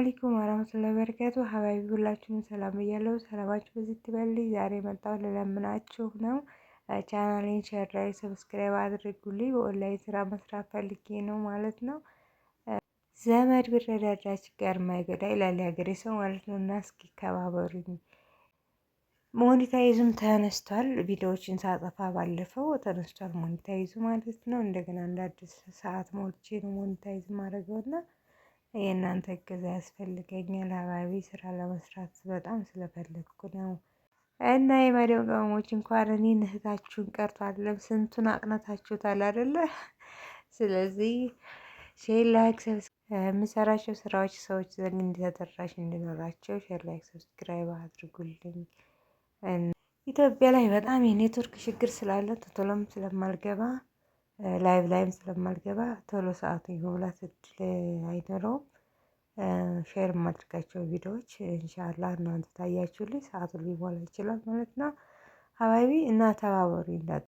አለይኩም ወራህመቱላሂ ወበረካቱ ሀባቢ ሁላችሁም ሰላም እያለሁ ሰላማችሁ በዚህ ትበልኝ። ዛሬ መጣሁ ልለምናችሁ ነው። ቻናሌን ሼር ላይ ሰብስክራይብ አድርጉልኝ። በኦንላይን ስራ መስራት ፈልጌ ነው ማለት ነው። ዘመድ ቢረዳዳች ጋር ማይጎዳ ይላል የሀገሬ ሰው ማለት ነው። እና እስኪ ከባበሩኝ። ሞኒታይዝም ተነስቷል። ቪዲዮዎችን ሳጠፋ ባለፈው ተነስቷል ሞኒታይዙ ማለት ነው። እንደገና እንደ አዲስ ሰዓት ሞልቼ ነው ሞኒታይዝ ማድረገውና የእናንተ እገዛ ያስፈልገኛል። አባቢ ስራ ለመስራት በጣም ስለፈለግኩ ነው። እና የመደብ ቅመሞች እንኳን እኔ እህታችሁን ቀርቶ አይደለም ስንቱን አቅነታችሁታል አይደለ? ስለዚህ ሼር ላይክ፣ የምሰራቸው ስራዎች ሰዎች ዘንድ እንዲተደራሽ እንዲኖራቸው ሼር ላይክ፣ ሰብስክራይብ አድርጉልኝ። ኢትዮጵያ ላይ በጣም የኔትወርክ ችግር ስላለ ቶሎም ስለማልገባ ላይቭ ላይም ስለማልገባ ቶሎ ሰዓቱ የመብላት እድል አይኖረውም። ሼር የማድርጋቸው ቪዲዮዎች እንሻላ እናንተ ታያችሁልኝ ሰዓቱ ሊሞላ ይችላል ማለት ነው። አባቢ እና ተባበሩ ይላል